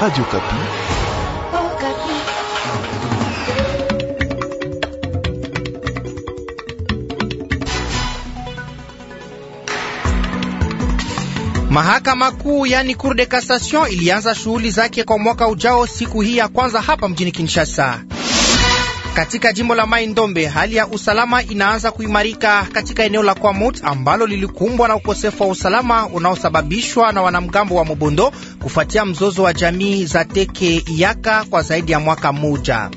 Radio Kapi. Oh, Kapi. Mahakama Kuu yani Cour de Cassation ilianza shughuli zake kwa mwaka ujao siku hii ya kwanza hapa mjini Kinshasa. Katika jimbo la Mai Ndombe, hali ya usalama inaanza kuimarika katika eneo la Kwamut ambalo lilikumbwa na ukosefu wa usalama unaosababishwa na wanamgambo wa Mobondo kufuatia mzozo wa jamii za Teke Yaka kwa zaidi ya mwaka mmoja.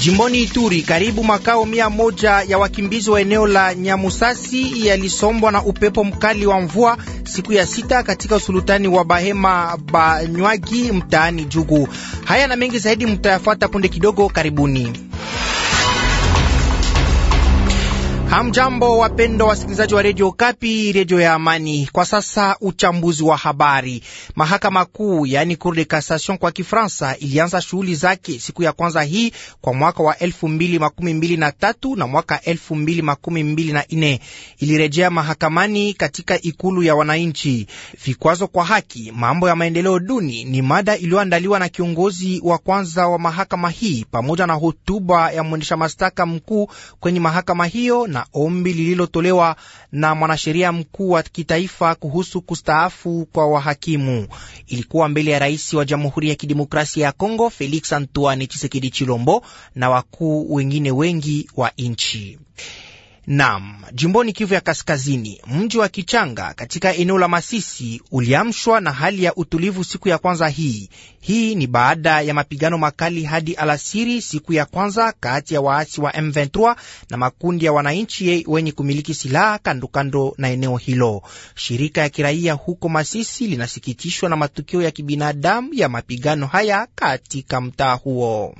Jimboni Ituri, karibu makao mia moja ya wakimbizi wa eneo la Nyamusasi yalisombwa na upepo mkali wa mvua siku ya sita katika usulutani wa Bahema Banywagi mtaani Jugu. Haya na mengi zaidi mtayafuata punde kidogo. Karibuni. Hamjambo, wapendwa wasikilizaji wa redio Kapi, redio ya Amani. Kwa sasa uchambuzi wa habari. Mahakama Kuu, yaani Cour de Cassation kwa Kifransa, ilianza shughuli zake siku ya kwanza hii kwa mwaka wa elfu mbili makumi mbili na tatu na mwaka elfu mbili mbili makumi na nne Ilirejea mahakamani katika ikulu ya wananchi. Vikwazo kwa haki, mambo ya maendeleo duni ni mada iliyoandaliwa na kiongozi wa kwanza wa mahakama hii pamoja na hotuba ya mwendesha mashtaka mkuu kwenye mahakama hiyo na ombi lililotolewa na mwanasheria mkuu wa kitaifa kuhusu kustaafu kwa wahakimu. Ilikuwa mbele ya rais wa Jamhuri ya Kidemokrasia ya Kongo Felix Antoine chisekedi Chilombo na wakuu wengine wengi wa nchi. Nam, jimboni Kivu ya Kaskazini, mji wa Kichanga katika eneo la Masisi uliamshwa na hali ya utulivu siku ya kwanza hii. Hii ni baada ya mapigano makali hadi alasiri siku ya kwanza kati ya waasi wa M23 na makundi ya wananchi wenye kumiliki silaha kandokando na eneo hilo. Shirika ya kiraia huko Masisi linasikitishwa na matukio ya kibinadamu ya mapigano haya katika mtaa huo.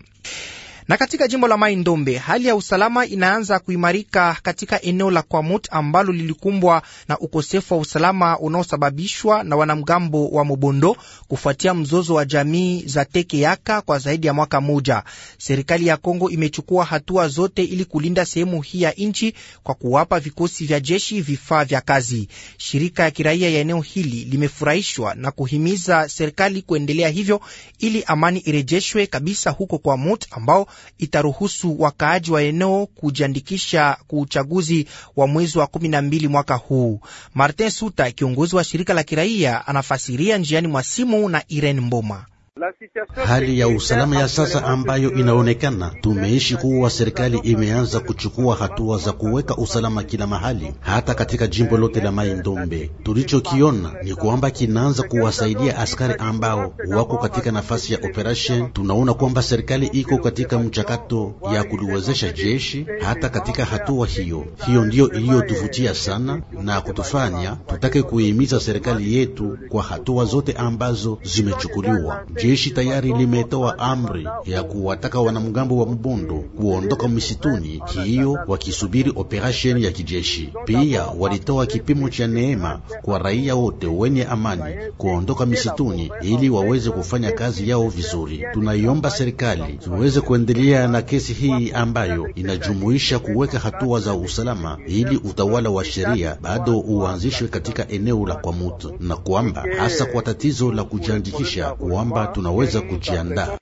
Na katika jimbo la Mai Ndombe, hali ya usalama inaanza kuimarika katika eneo la Kwamut ambalo lilikumbwa na ukosefu wa usalama unaosababishwa na wanamgambo wa Mobondo kufuatia mzozo wa jamii za Teke Yaka kwa zaidi ya mwaka mmoja. Serikali ya Kongo imechukua hatua zote ili kulinda sehemu hii ya nchi kwa kuwapa vikosi vya jeshi vifaa vya kazi. Shirika ya kiraia ya eneo hili limefurahishwa na kuhimiza serikali kuendelea hivyo ili amani irejeshwe kabisa huko Kwamut ambao itaruhusu wakaaji wa eneo kujiandikisha kwa uchaguzi wa mwezi wa 12 mwaka huu. Martin Suta, kiongozi wa shirika la kiraia, anafasiria njiani mwa simu na Irene Mboma. Hali ya usalama ya sasa ambayo inaonekana, tumeishi kuwa serikali imeanza kuchukua hatua za kuweka usalama kila mahali, hata katika jimbo lote la Mai Ndombe. Tulichokiona ni kwamba kinaanza kuwasaidia askari ambao wako katika nafasi ya operation. Tunaona kwamba serikali iko katika mchakato ya kuliwezesha jeshi hata katika hatua hiyo. Hiyo ndiyo iliyotuvutia sana na kutufanya tutake kuhimiza serikali yetu kwa hatua zote ambazo zimechukuliwa. Jeshi tayari limetoa amri ya kuwataka wanamgambo wa Mbondo kuondoka misituni hiyo wakisubiri operasheni ya kijeshi. Pia walitoa kipimo cha neema kwa raia wote wenye amani kuondoka misituni ili waweze kufanya kazi yao vizuri. Tunaiomba serikali iweze kuendelea na kesi hii ambayo inajumuisha kuweka hatua za usalama ili utawala wa sheria bado uanzishwe katika eneo la Kwamutu na kwamba hasa kwa tatizo la kujiandikisha kwamba tunaweza kujiandaa.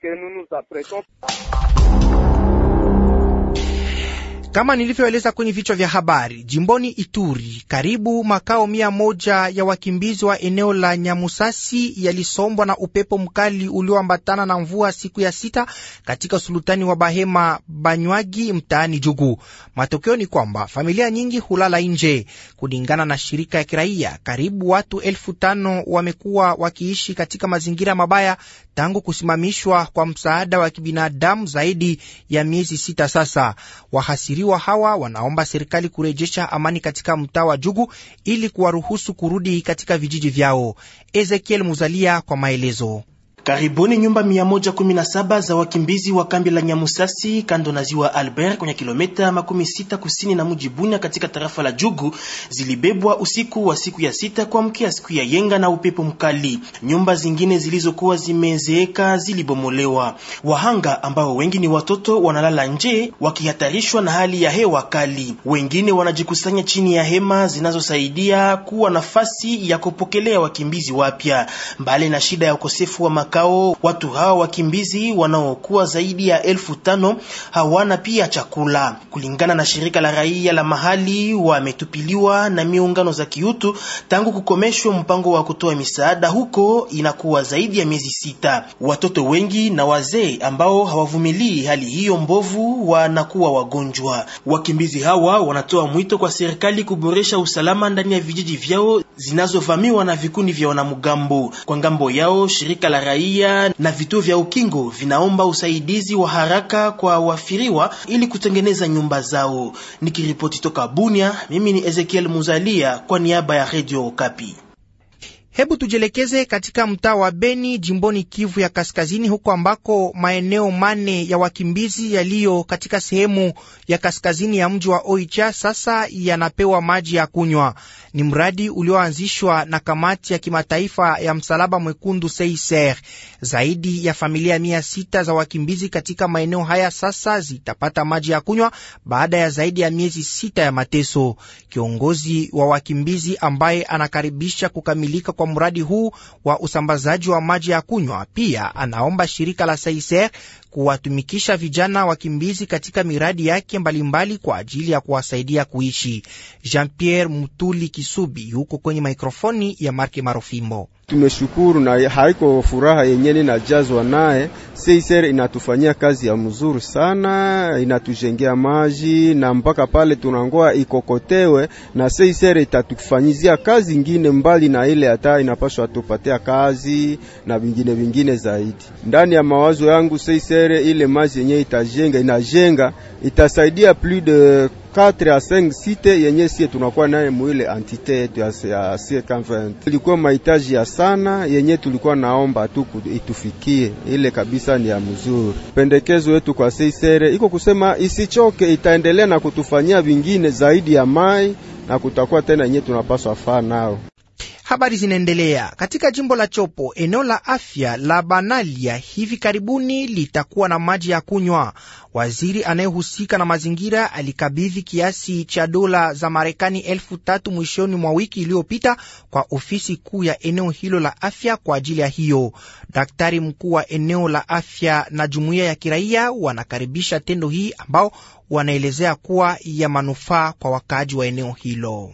Kama nilivyoeleza kwenye vichwa vya habari, jimboni Ituri karibu makao mia moja ya wakimbizi wa eneo la Nyamusasi yalisombwa na upepo mkali ulioambatana na mvua siku ya sita katika sulutani wa Bahema Banywagi mtaani Jugu. Matokeo ni kwamba familia nyingi hulala nje. Kulingana na shirika ya kiraia, karibu watu elfu tano wamekuwa wakiishi katika mazingira mabaya tangu kusimamishwa kwa msaada wa kibinadamu zaidi ya miezi sita sasa. Wahasiri waathiriwa hawa wanaomba serikali kurejesha amani katika mtaa wa Jugu ili kuwaruhusu kurudi katika vijiji vyao. Ezekiel Muzalia kwa maelezo. Karibuni nyumba 117 za wakimbizi wa kambi la Nyamusasi kando na ziwa Albert kwenye kilomita makumi sita kusini na mji katika tarafa la Jugu zilibebwa usiku wa siku ya sita kwa mkia siku ya yenga na upepo mkali. Nyumba zingine zilizokuwa zimezeeka zilibomolewa. Wahanga ambao wengi ni watoto wanalala nje wakihatarishwa na hali ya hewa kali. Wengine wanajikusanya chini ya hema zinazosaidia kuwa nafasi ya kupokelea wakimbizi wapya. Mbali na shida ya ukosefu wa makao. Watu hao wakimbizi wanaokuwa zaidi ya elfu tano hawana pia chakula. Kulingana na shirika la raia la mahali, wametupiliwa na miungano za kiutu tangu kukomeshwa mpango wa kutoa misaada huko, inakuwa zaidi ya miezi sita. Watoto wengi na wazee ambao hawavumilii hali hiyo mbovu wanakuwa wagonjwa. Wakimbizi hawa wanatoa mwito kwa serikali kuboresha usalama ndani ya vijiji vyao zinazovamiwa na vikundi vya wanamgambo. Kwa ngambo yao, shirika la raia na vituo vya ukingo vinaomba usaidizi wa haraka kwa wafiriwa ili kutengeneza nyumba zao. Nikiripoti toka Bunia, mimi ni Ezekiel Muzalia kwa niaba ya Radio Okapi. Hebu tujielekeze katika mtaa wa Beni jimboni Kivu ya Kaskazini, huko ambako maeneo mane ya wakimbizi yaliyo katika sehemu ya kaskazini ya mji wa Oicha sasa yanapewa maji ya kunywa. Ni mradi ulioanzishwa na kamati ya kimataifa ya Msalaba Mwekundu Seiser. Zaidi ya familia mia sita za wakimbizi katika maeneo haya sasa zitapata maji ya kunywa baada ya zaidi ya miezi sita ya mateso. Kiongozi wa wakimbizi ambaye anakaribisha kukamilika kwa mradi huu wa usambazaji wa maji ya kunywa. Pia anaomba shirika la Saiser kuwatumikisha vijana wakimbizi katika miradi yake mbalimbali kwa ajili ya kuwasaidia kuishi. Jean Pierre Mutuli Kisubi yuko kwenye mikrofoni ya Marke Marofimbo. Tumeshukuru na haiko furaha yenyewe inajazwa naye. Seiser inatufanyia kazi ya mzuri sana, inatujengea maji na mpaka pale tunangoa ikokotewe, na Seiser itatufanyizia kazi ingine mbali na ile hata inapaswa tupatia kazi na vingine vingine zaidi. Ndani ya mawazo yangu Seiser barriere ile maji yenye itajenga inajenga itasaidia plus de 4 a 5 site yenye sie tunakuwa naye muile entite yetu ya C20. Ilikuwa mahitaji ya sana yenye tulikuwa naomba tu itufikie ile kabisa, ni ya mzuri. Pendekezo yetu kwa seisere iko kusema isichoke, itaendelea na kutufanyia vingine zaidi ya mai na kutakuwa tena yenye tunapaswa faa nao. Habari zinaendelea. Katika jimbo la Chopo, eneo la afya la Banalia hivi karibuni litakuwa na maji ya kunywa. Waziri anayehusika na mazingira alikabidhi kiasi cha dola za Marekani elfu tatu mwishoni mwa wiki iliyopita kwa ofisi kuu ya eneo hilo la afya kwa ajili ya hiyo. Daktari mkuu wa eneo la afya na jumuiya ya kiraia wanakaribisha tendo hii ambao wanaelezea kuwa ya manufaa kwa wakaaji wa eneo hilo.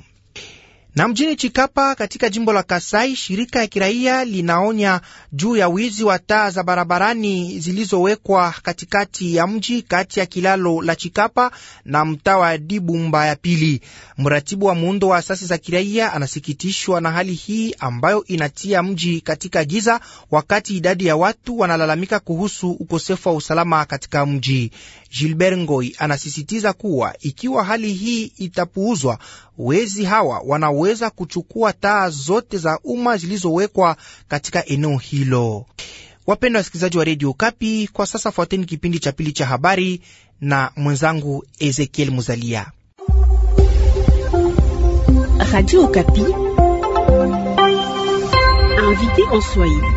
Na mjini Chikapa katika jimbo la Kasai, shirika ya kiraia linaonya juu ya wizi wa taa za barabarani zilizowekwa katikati ya mji kati ya kilalo la Chikapa na mtaa wa Dibumba ya pili. Mratibu wa muundo wa asasi za kiraia anasikitishwa na hali hii ambayo inatia mji katika giza, wakati idadi ya watu wanalalamika kuhusu ukosefu wa usalama katika mji. Gilbert Ngoi anasisitiza kuwa ikiwa hali hii itapuuzwa, wezi hawa wanaweza kuchukua taa zote za umma zilizowekwa katika eneo hilo. Wapendwa wasikilizaji wa redio Kapi, kwa sasa fuateni kipindi cha pili cha habari na mwenzangu Ezekiel Muzalia. Radio Kapi, invité en Swahili.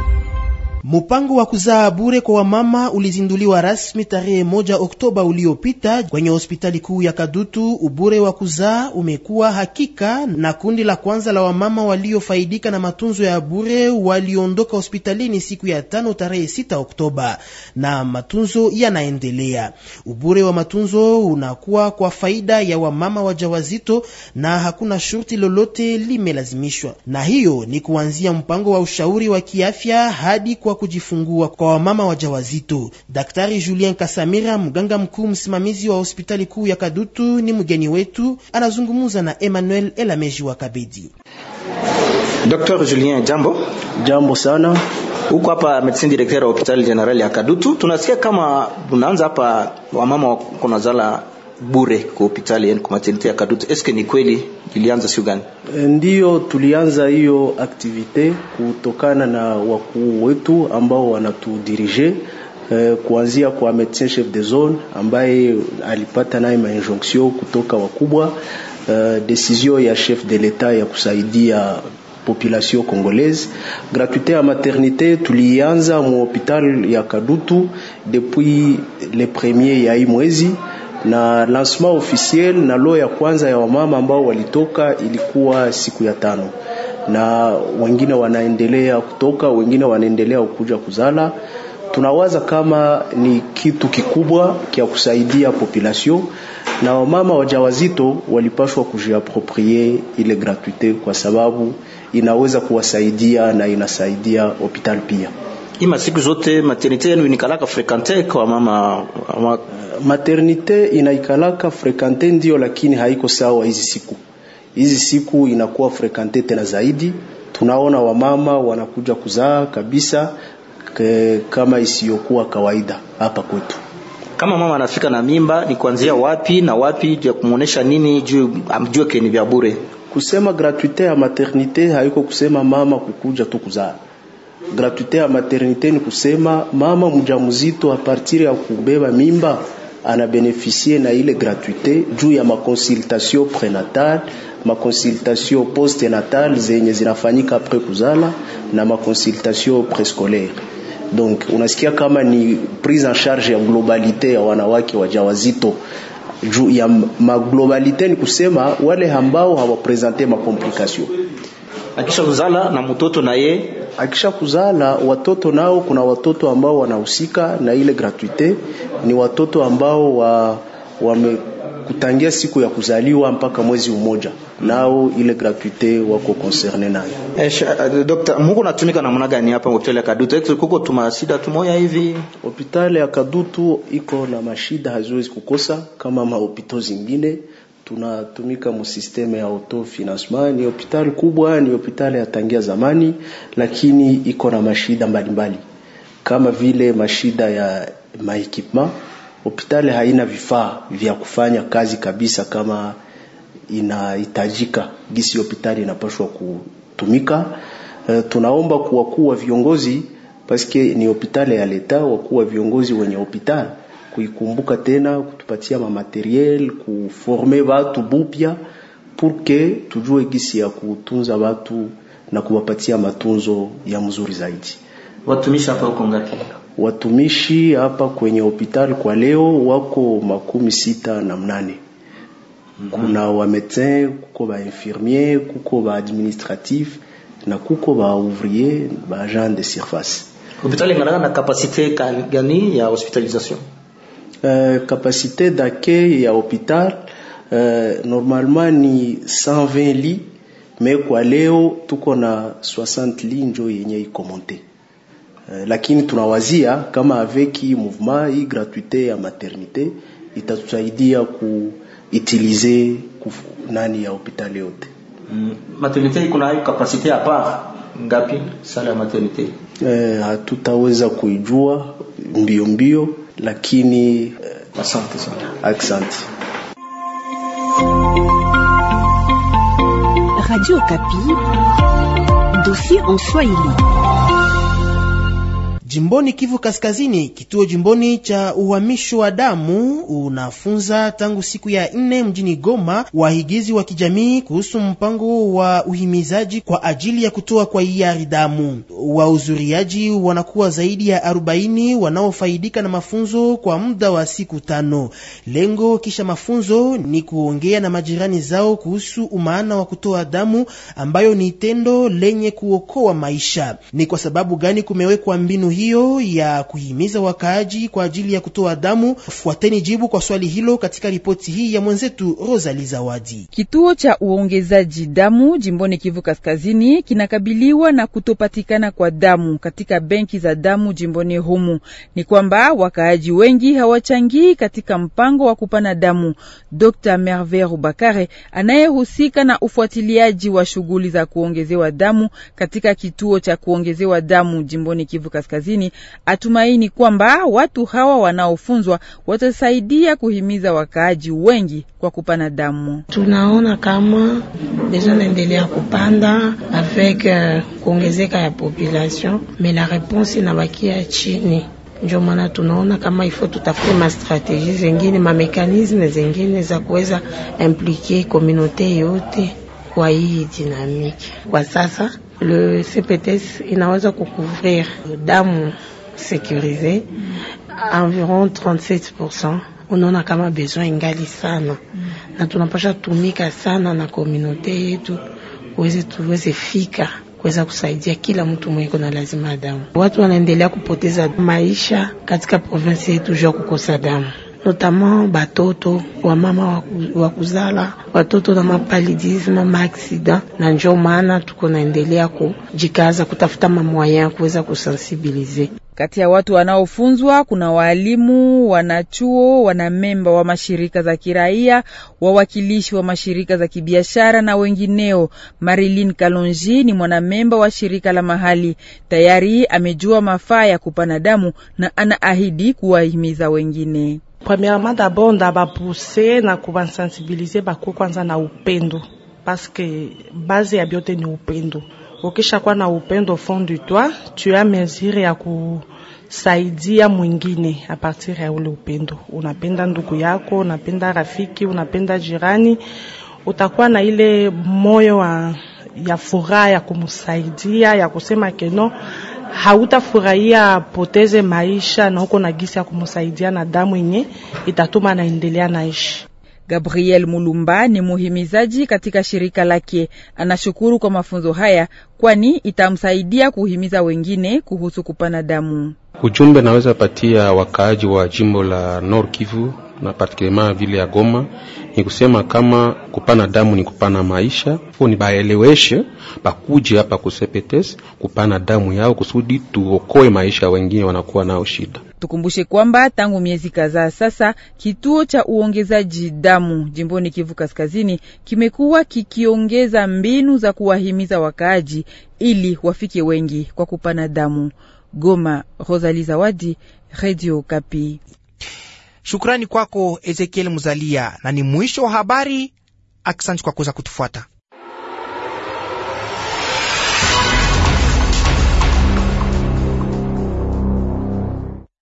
Mpango wa kuzaa bure kwa wamama ulizinduliwa rasmi tarehe 1 Oktoba uliopita kwenye hospitali kuu ya Kadutu. Ubure wa kuzaa umekuwa hakika, na kundi la kwanza la wamama waliofaidika na matunzo ya bure waliondoka hospitalini siku ya tano tarehe 6 Oktoba, na matunzo yanaendelea. Ubure wa matunzo unakuwa kwa faida ya wamama wajawazito na hakuna shurti lolote limelazimishwa, na hiyo ni kuanzia mpango wa ushauri wa kiafya hadi kwa kwa kujifungua kwa wamama wajawazito. Daktari Julien Kasamira, mganga mkuu msimamizi wa hospitali kuu ya Kadutu, ni mgeni wetu, anazungumza na Emmanuel Elameji wa Kabedi. Dr. Julien, jambo. Jambo sana. Huko hapa medicine directeur wa hospitali general ya Kadutu, tunasikia kama unaanza hapa wamama wakonazala bure kwa hospitali yani kwa maternite ya Kadutu. Eske ni kweli ilianza siku gani? Eh, Ndiyo, tulianza hiyo aktivite kutokana na wakuu wetu ambao wanatudirije eh, kuanzia kwa medecin chef de zone ambaye alipata naye mainjonction kutoka wakubwa eh, desizio ya chef de l'etat ya kusaidia population congolaise. Gratuité ya maternité tulianza mu hopital ya Kadutu depuis le premier ya hii mwezi na lancement officiel na lo ya kwanza ya wamama ambao walitoka ilikuwa siku ya tano, na wengine wanaendelea kutoka, wengine wanaendelea kuja kuzala. Tunawaza kama ni kitu kikubwa kia kusaidia population na wamama wajawazito walipashwa kujiaproprie ile gratuite, kwa sababu inaweza kuwasaidia na inasaidia hopital pia. Ima siku zote maternite yenu inikalaka frekante kwa mama, mama maternite inaikalaka frekante ndio, lakini haiko sawa hizi siku. Hizi siku inakuwa frekante tena zaidi, tunaona wamama wanakuja kuzaa kabisa ke, kama isiyokuwa kawaida hapa kwetu. Kama mama anafika na mimba, ni kuanzia wapi na wapi ya kumuonesha nini juu amjue ke ni vya bure? Kusema gratuite ya maternite haiko kusema mama kukuja tu kuzaa. Gratuite ya maternite ni kusema mama mjamzito a partir ya kubeba mimba bénéficié de la gratuité juu ya à ma ma postnatal zenye zinafanyika apre kuzala na consultation préscolaire. donc unasikia kama ni prise en charge ya globalité ya wanawake wajawazito juu ya maglobalite ni kusema wale ambao ma complication. akisha kuzala na mtoto na ye akisha kuzala watoto nao, kuna watoto ambao wanahusika na ile gratuite, ni watoto ambao wa wamekutangia siku ya kuzaliwa mpaka mwezi mmoja nao ile gratuite wako concerne nayo. Eh, eh Dr. Mungu natumika namna gani hapa hospitali ya Kadutu? Kuko shida tumoya hivi. Hospitali ya Kadutu iko na mashida haziwezi kukosa kama mahopito zingine tunatumika musisteme ya financement. Ni hospitali kubwa, ni hopitali ya tangia zamani, lakini iko na mashida mbalimbali mbali. Kama vile mashida ya maekipma, hopitali haina vifaa vya kufanya kazi kabisa kama inahitajika, gisi hopitali inapashwa kutumika. E, tunaomba kuwakuwa viongozi paske ni hopitali ya leta, wakuwa viongozi wenye hospitali kuikumbuka tena, kutupatia mamateriel, kuforme watu bupya purke tujue gisi ya kutunza watu na kuwapatia matunzo ya mzuri zaidi. Watumishi hapa uko ngapi? Watumishi hapa kwenye hospitali kwa leo wako makumi sita na mnane. Mhm. Kuna wa medecin, kuko ba infirmier, kuko ba administratif na kuko ba ouvrier, ba agent de surface. Hospitali inalingana kapasite gani ya hospitalisation? Uh, kapasite d'accueil ya hospital uh, normalement ni 120 li me kwa leo tuko na 60 li njo yenye ikomonte euh, lakini tunawazia kama aveki mouvement hii gratuite ya maternité itatusaidia kuutilize nani ya hospitali yote. Mm, maternite iko na kapasite hapa ngapi? Sala ya maternite euh, hatutaweza kuijua mbio mbio lakini eh, asante sana, asante. Radio Kapi, dossier en Swahili. Jimboni Kivu Kaskazini, kituo jimboni cha uhamisho wa damu unafunza tangu siku ya nne mjini Goma wahigizi wa kijamii kuhusu mpango wa uhimizaji kwa ajili ya kutoa kwa hiari damu. Wahudhuriaji wanakuwa zaidi ya arobaini wanaofaidika na mafunzo kwa muda wa siku tano. Lengo kisha mafunzo ni kuongea na majirani zao kuhusu umaana wa kutoa damu ambayo ni tendo lenye kuokoa maisha. Ni kwa sababu gani kumewekwa mbinu hii? hiyo ya kuhimiza wakaaji kwa ajili ya kutoa damu? Fuateni jibu kwa swali hilo katika ripoti hii ya mwenzetu Rosali Zawadi. Kituo cha uongezaji damu jimboni Kivu Kaskazini kinakabiliwa na kutopatikana kwa damu katika benki za damu jimboni humu. Ni kwamba wakaaji wengi hawachangii katika mpango wa kupana damu. Dr Merve Rubakare anayehusika na ufuatiliaji wa shughuli za kuongezewa damu katika kituo cha kuongezewa damu jimboni Kivu Kaskazini Kaskazini atumaini kwamba watu hawa wanaofunzwa watasaidia kuhimiza wakaaji wengi kwa kupana damu. Tunaona kama deja naendelea kupanda avec euh, kuongezeka ya population me la reponse inabakia chini ndio maana tunaona kama ifo tutafute mastrategie zengine mamekanisme zengine za kuweza implike komunote yote kwa hii dinamiki kwa sasa. le CPTS inaweza kukuvrir damu sekurize environ 37%. Unaona kama besoin ingali sana na tunapasha tumika sana na komunote yetu kuweze tuweze fika kuweza kusaidia kila mtu mwenye kuna lazima damu. Watu wanaendelea kupoteza maisha katika province yetu juu ya kukosa damu. notama batoto wa mama wa kuzala watoto na mapalidisme maaksida, na njo maana tuko naendelea kujikaza kutafuta mamwaya ya kuweza kusensibilize. Kati ya watu wanaofunzwa kuna waalimu, wanachuo, wanamemba wa mashirika za kiraia, wawakilishi wa mashirika za kibiashara na wengineo. Marilyn Kalonji ni mwanamemba wa shirika la mahali, tayari amejua mafaa ya kupana damu na anaahidi kuwahimiza wengine. Premièrement d'abord bapuse na kubansensibilize bakuwe kwanza na upendo, paske base ya biote ni upendo. Ukisha kuwa na upendo fond du toi, tu as mesure ya kusaidia mwingine a partir ya ule upendo. Unapenda ndugu yako, unapenda rafiki, unapenda jirani, utakuwa na ile moyo wa, ya furaha ya kumsaidia ya kusema keno hautafurahia poteze maisha na huko na gisi ya kumsaidia na damu yenye itatuma naendelea naishi Gabriel Mulumba ni muhimizaji katika shirika lake. Anashukuru kwa mafunzo haya, kwani itamsaidia kuhimiza wengine kuhusu kupana damu. Ujumbe naweza patia wakaaji wa jimbo la Nord Kivu na partikulema vile ya Goma ni kusema kama kupana damu ni kupana maisha, fo ni baeleweshe bakuje hapa kusepetes kupana damu yao kusudi tuokoe maisha wengine wanakuwa nao shida. Tukumbushe kwamba tangu miezi kadhaa sasa kituo cha uongezaji damu jimboni Kivu Kaskazini kimekuwa kikiongeza mbinu za kuwahimiza wakaaji ili wafike wengi kwa kupana damu. Goma, rosali Zawadi, Radio Kapi. Shukrani kwako Ezekiel Muzalia, na ni mwisho wa habari. Aksanti kwa kuweza kutufuata.